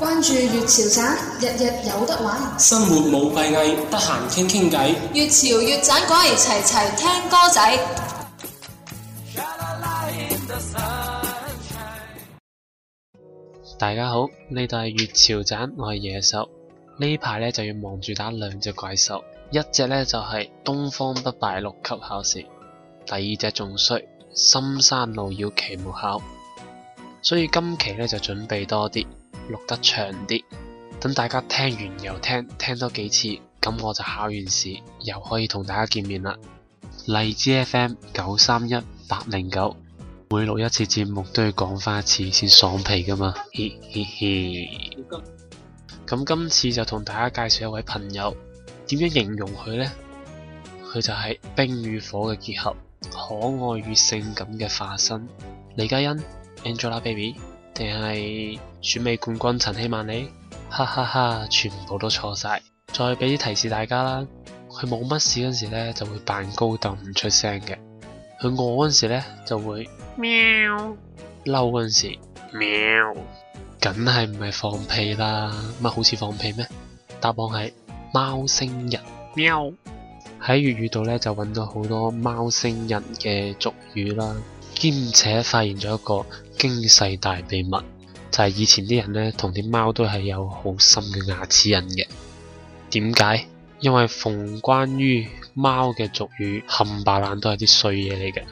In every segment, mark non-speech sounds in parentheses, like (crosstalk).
關注粵潮盞，日日有得玩。生活冇閉翳，得閒傾傾偈。粵潮粵盞，過嚟齊齊聽歌仔。大家好，呢度係粵潮盞，我係野獸。呢排呢，就要忙住打兩隻怪獸，一隻呢，就係東方不敗六級考試，第二隻仲衰，深山路要期末考，所以今期呢，就準備多啲。錄得長啲，等大家聽完又聽，聽多幾次，咁我就考完試又可以同大家見面啦。荔枝 FM 九三一八零九，每錄一次節目都要講翻一次，先爽皮㗎嘛。嘻嘻嘻。咁今次就同大家介紹一位朋友，點樣形容佢呢？佢就係冰與火嘅結合，可愛與性感嘅化身，李嘉欣 （Angelababy）。Angela Baby 定係選美冠軍陳希曼你？哈哈哈，全部都錯晒。再俾啲提示大家啦，佢冇乜事嗰時咧就會扮高凳唔出聲嘅，佢餓嗰時咧就會喵，嬲嗰時喵，梗係唔係放屁啦，乜好似放屁咩？答案係貓星人喵，喺粵語度咧就揾到好多貓星人嘅俗語啦。兼且發現咗一個驚世大秘密，就係以前啲人呢同啲貓都係有好深嘅牙齒印嘅。點解？因為逢關於貓嘅俗語冚唪唥都係啲衰嘢嚟嘅。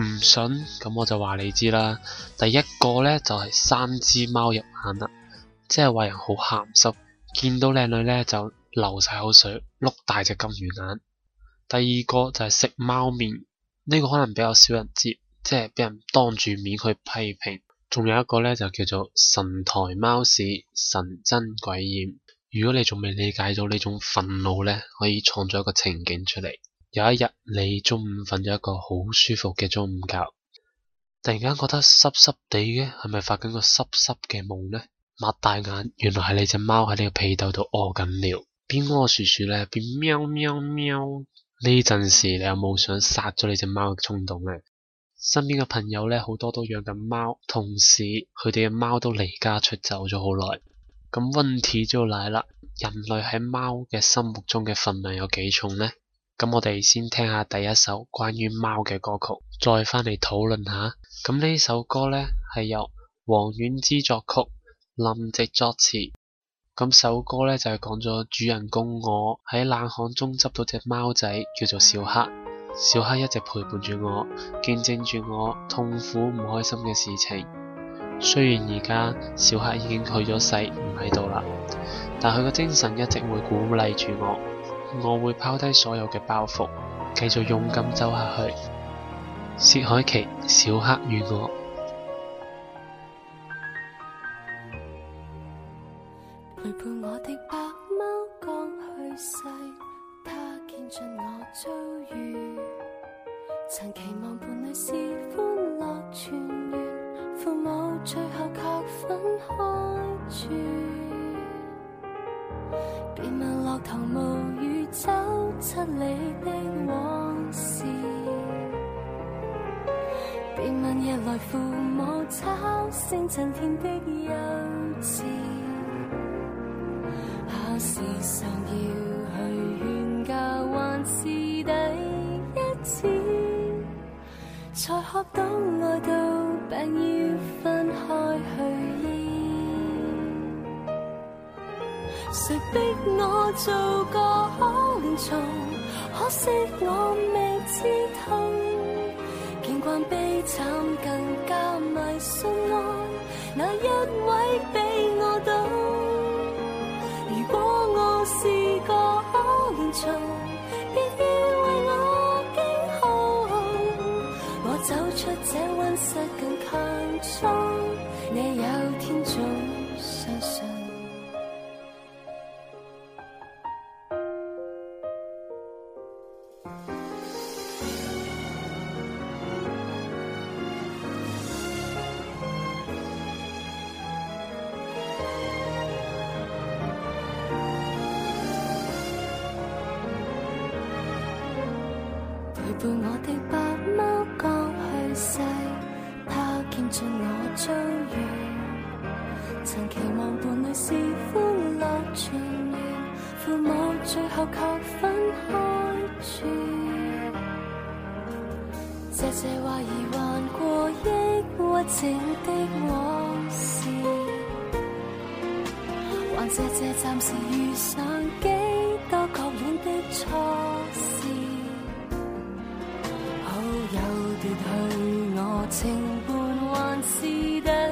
唔信咁我就話你知啦。第一個呢，就係三隻貓入眼啦，即係話人好鹹濕，見到靚女呢就流晒口水，碌大隻金魚眼。第二個就係食貓面，呢個可能比較少人知。即係畀人當住面去批評，仲有一個咧就叫做神台貓屎神憎鬼厭。如果你仲未理解到呢種憤怒咧，可以創造一個情景出嚟。有一日你中午瞓咗一個好舒服嘅中午覺，突然間覺得濕濕地嘅，係咪發緊個濕濕嘅夢咧？擘大眼，原來係你隻貓喺你個被竇度屙緊尿，邊屙噓噓咧，邊喵喵喵喵。呢陣時你有冇想殺咗你隻貓嘅衝動咧？身邊嘅朋友咧，好多都養緊貓，同時佢哋嘅貓都離家出走咗好耐。咁問題就嚟啦，人類喺貓嘅心目中嘅份量有幾重呢？咁我哋先聽下第一首關於貓嘅歌曲，再翻嚟討論下。咁呢首歌咧係由黃婉之作曲，林夕作詞。咁首歌咧就係講咗主人公我喺冷巷中執到隻貓仔，叫做小黑。小黑一直陪伴住我，見證住我痛苦唔開心嘅事情。雖然而家小黑已經去咗世，唔喺度啦，但佢個精神一直會鼓勵住我。我會拋低所有嘅包袱，繼續勇敢走下去。薛凱琪，小黑與我。別問落堂無語走出你的往事，別問夜來父母吵聲震天的幼稚，考試上要去勸教還是第一次，才學到愛到病。誰逼我做個可憐蟲？可惜我未知痛，見慣悲慘更加迷信愛，哪一位比我懂？如果我是個可憐蟲，別要為我驚恐，我走出這温室更強壯，你有天早上。曾期望伴侶是歡樂全然，父母最後卻分開住。謝謝懷疑、患過、憶過情的往事，還謝謝暫時遇上幾多割戀的錯事。好友奪去我情伴，還是得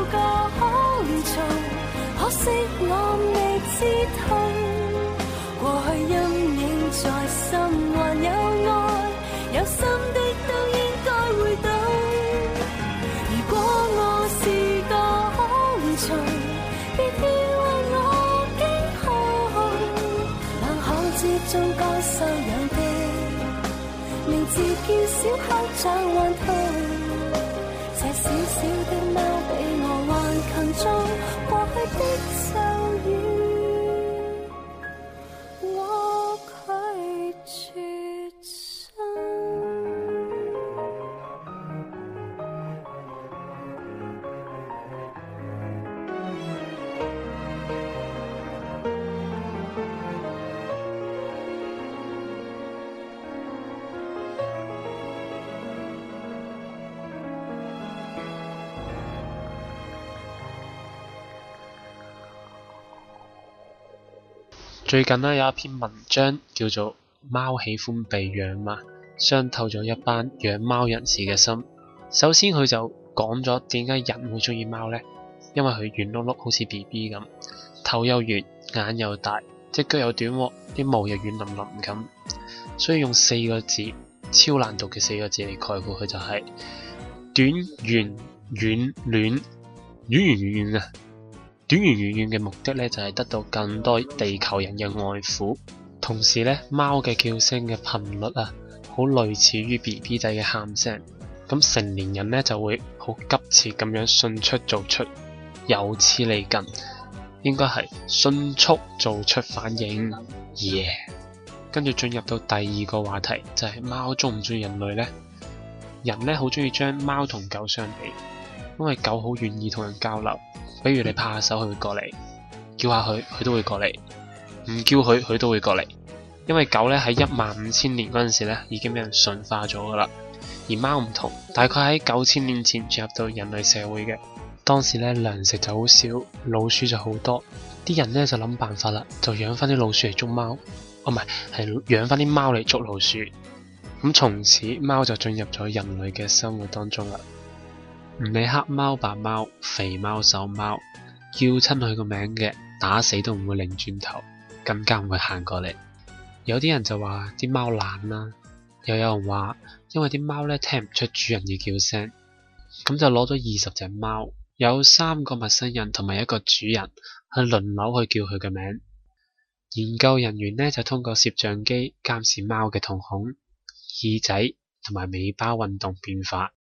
最近呢，有一篇文章叫做《貓喜歡被養》嘛，傷透咗一班養貓人士嘅心。首先佢就講咗點解人會中意貓呢？因為佢圓碌碌好似 B B 咁，頭又圓，眼又大，隻腳又短，啲毛又軟腍腍咁，所以用四個字超難讀嘅四個字嚟概括佢就係、是、短圓軟暖軟圓軟嘅。短圓圓圓嘅目的咧，就係得到更多地球人嘅愛撫。同時咧，貓嘅叫聲嘅頻率啊，好類似於 BB 仔嘅喊聲。咁成年人咧就會好急切咁樣迅速做出由此嚟近，應該係迅速做出反應。耶、yeah!！跟住進入到第二個話題，就係貓中唔中意人類呢？人咧好中意將貓同狗相比，因為狗好願意同人交流。比如你拍下手，佢會過嚟叫下佢，佢都會過嚟；唔叫佢，佢都會過嚟。因為狗咧喺一萬五千年嗰陣時咧已經俾人馴化咗噶啦。而貓唔同，大概喺九千年前進入到人類社會嘅。當時咧糧食就好少，老鼠就好多，啲人咧就諗辦法啦，就養翻啲老鼠嚟捉貓。哦，唔係，係養翻啲貓嚟捉老鼠。咁從此貓就進入咗人類嘅生活當中啦。唔理黑貓白貓，肥貓瘦貓，叫親佢個名嘅，打死都唔會擰轉頭，更加唔會行過嚟。有啲人就話啲貓懶啦，又有人話因為啲貓咧聽唔出主人嘅叫聲，咁就攞咗二十隻貓，有三個陌生人同埋一個主人去輪流去叫佢嘅名。研究人員呢就通過攝像機監視貓嘅瞳孔、耳仔同埋尾巴運動變化。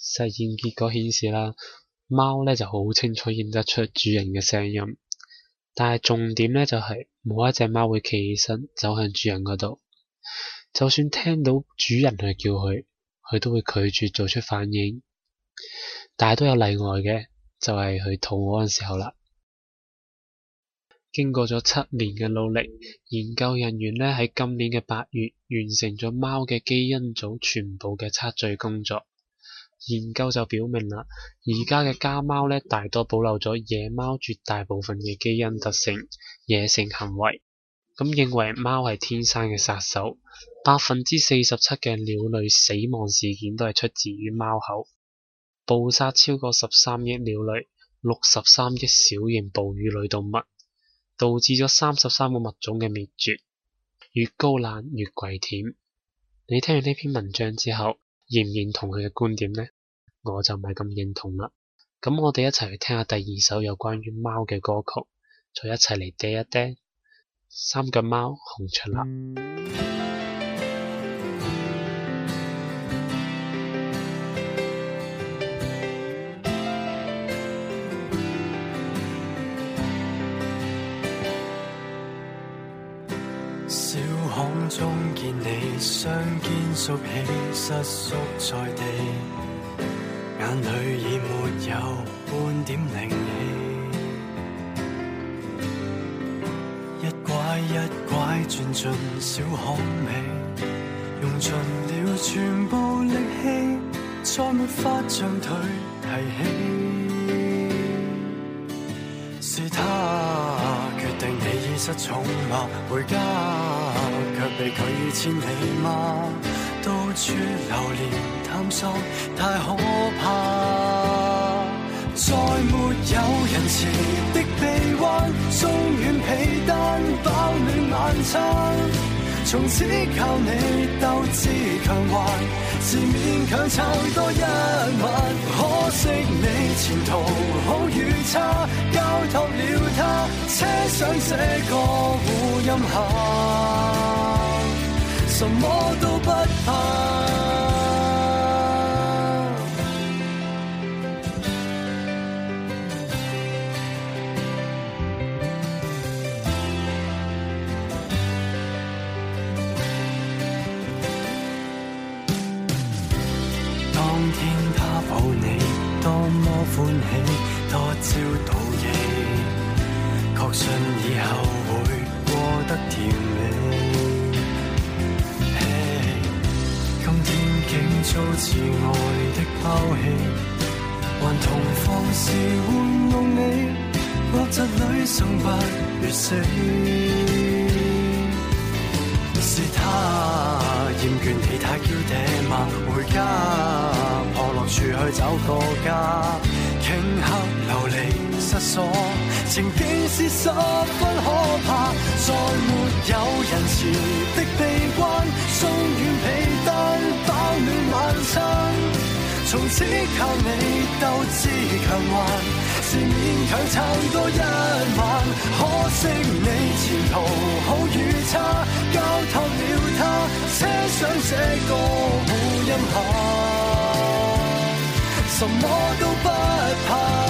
實驗結果顯示啦，貓咧就好清楚認得出主人嘅聲音，但係重點咧就係、是、冇一隻貓會企起身走向主人嗰度，就算聽到主人去叫佢，佢都會拒絕做出反應。但係都有例外嘅，就係、是、佢肚餓嘅時候啦。經過咗七年嘅努力，研究人員咧喺今年嘅八月完成咗貓嘅基因組全部嘅測序工作。研究就表明啦，而家嘅家貓咧，大多保留咗野貓絕大部分嘅基因特性、野性行為。咁認為貓係天生嘅殺手，百分之四十七嘅鳥類死亡事件都係出自於貓口，捕殺超過十三億鳥類、六十三億小型哺乳類動物，導致咗三十三個物種嘅滅絕。越高冷越跪舔。你聽完呢篇文章之後。認唔認同佢嘅觀點呢？我就唔係咁認同啦。咁我哋一齊去聽下第二首有關於貓嘅歌曲，再一齊嚟嗲一嗲三腳貓紅出啦。小巷中見你，雙肩縮起，瑟縮在地，眼裏已沒有半點靈氣。 (noise) 一拐一拐轉進小巷尾，用盡了全部力氣，再沒法將腿提起。失寵物、啊、回家卻被拒於千里嗎？到處流連，探索太可怕。 (music) 再沒有人似的臂彎，鬆軟被單，包暖晚餐，從此靠你鬥志強橫。是勉強撐多一晚，可惜你前途好與差，交託了他，車上這個護蔭下，什麼都不怕。信以後會過得甜美。嘿，今天竟遭摯愛的拋棄，還同放肆玩弄你，或在女生不如死， (music) 是他厭倦你太嬌嗲嗎？回家，破落處去找個家，頃刻流離失所。情境是十分可怕，再沒有仁慈的臂彎。鬆軟被單包暖晚餐，從此靠你鬥志強橫，是勉強撐多一晚。可惜你前途好與差，交託了他，車上這個護蔭下，什麼都不怕。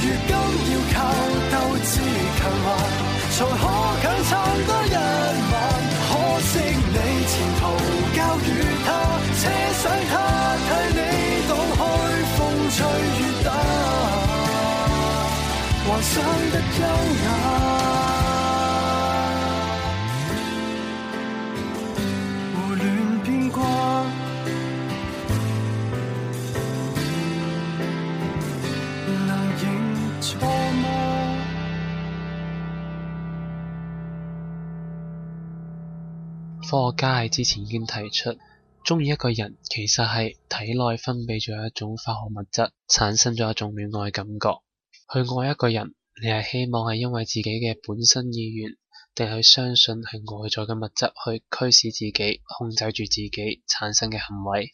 如今要靠鬥志強橫，才可強撐多一晚。可惜你前途交予他，奢想他替你擋開風吹雨打，還想得優雅。科學家喺之前已經提出，鍾意一個人其實係體內分泌咗一種化學物質，產生咗一種戀愛感覺。去愛一個人，你係希望係因為自己嘅本身意願，定係相信係外在嘅物質去驅使自己、控制住自己產生嘅行為。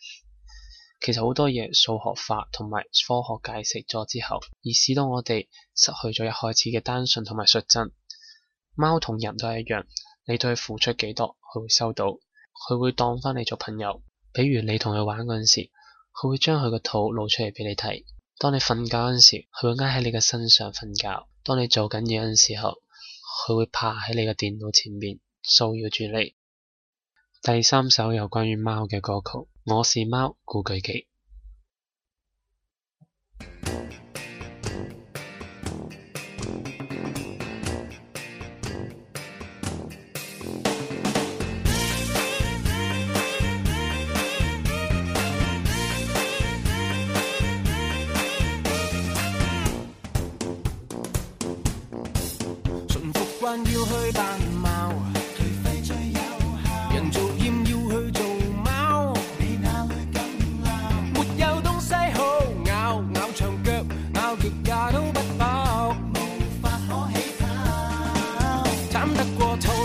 其實好多嘢數學化同埋科學解釋咗之後，而使到我哋失去咗一開始嘅單純同埋率真。貓同人都係一樣，你對佢付出幾多？佢會收到，佢會當翻你做朋友。比如你同佢玩嗰陣時，佢會將佢個肚露出嚟俾你睇。當你瞓覺嗰陣時，佢會挨喺你嘅身上瞓覺。當你做緊嘢嗰陣時候，佢會趴喺你嘅電腦前面，騷擾住你。第三首有關於貓嘅歌曲《我是貓》古巨基。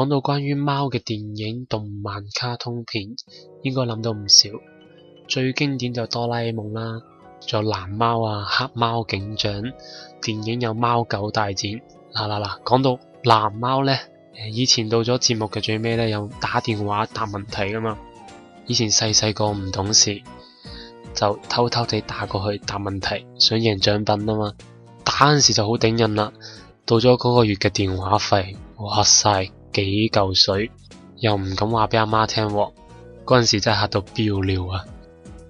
講到關於貓嘅電影、動漫、卡通片，應該諗到唔少。最經典就哆啦 A 夢啦，仲有藍貓啊、黑貓警長。電影有貓狗大戰。嗱嗱嗱，講到藍貓呢，以前到咗節目嘅最尾呢，有打電話答問題噶嘛。以前細細個唔懂事，就偷偷地打過去答問題，想贏獎品啊嘛。打嗰陣時就好頂人啦。到咗嗰個月嘅電話費，哇晒。幾嚿水又唔敢話俾阿媽聽，嗰陣時真係嚇到飆尿啊！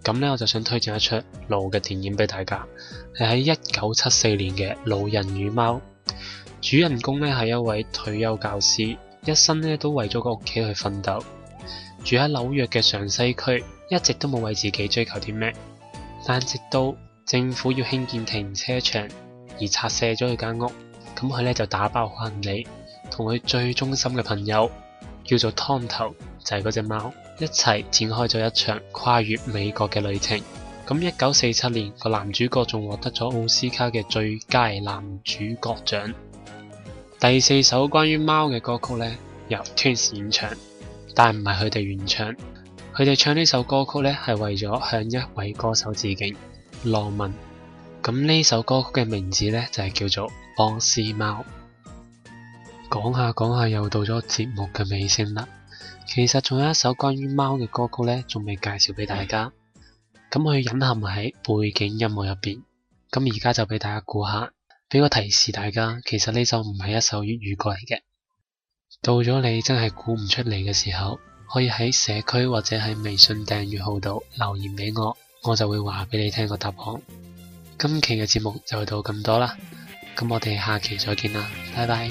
咁呢，我就想推薦一出老嘅電影俾大家，係喺一九七四年嘅《老人與貓》。主人公呢係一位退休教師，一生呢都為咗個屋企去奮鬥，住喺紐約嘅上西區，一直都冇為自己追求啲咩。但直到政府要興建停車場而拆卸咗佢間屋，咁佢呢就打包行李。同佢最忠心嘅朋友叫做湯頭，就係嗰隻貓，一齊展開咗一場跨越美國嘅旅程。咁一九四七年，個男主角仲獲得咗奧斯卡嘅最佳男主角獎。第四首關於貓嘅歌曲咧，由 Twins 演唱，但唔係佢哋原唱，佢哋唱呢首歌曲咧係為咗向一位歌手致敬，羅文。咁呢首歌曲嘅名字咧就係叫做《波斯貓》。講下講下，又到咗節目嘅尾聲啦。其實仲有一首關於貓嘅歌曲呢，仲未介紹俾大家。咁佢隱含喺背景音樂入邊。咁而家就俾大家估下，俾個提示大家，其實呢首唔係一首粵語歌嚟嘅。到咗你真係估唔出嚟嘅時候，可以喺社區或者喺微信訂閱號度留言俾我，我就會話俾你聽個答案。今期嘅節目就到咁多啦，咁我哋下期再見啦，拜拜。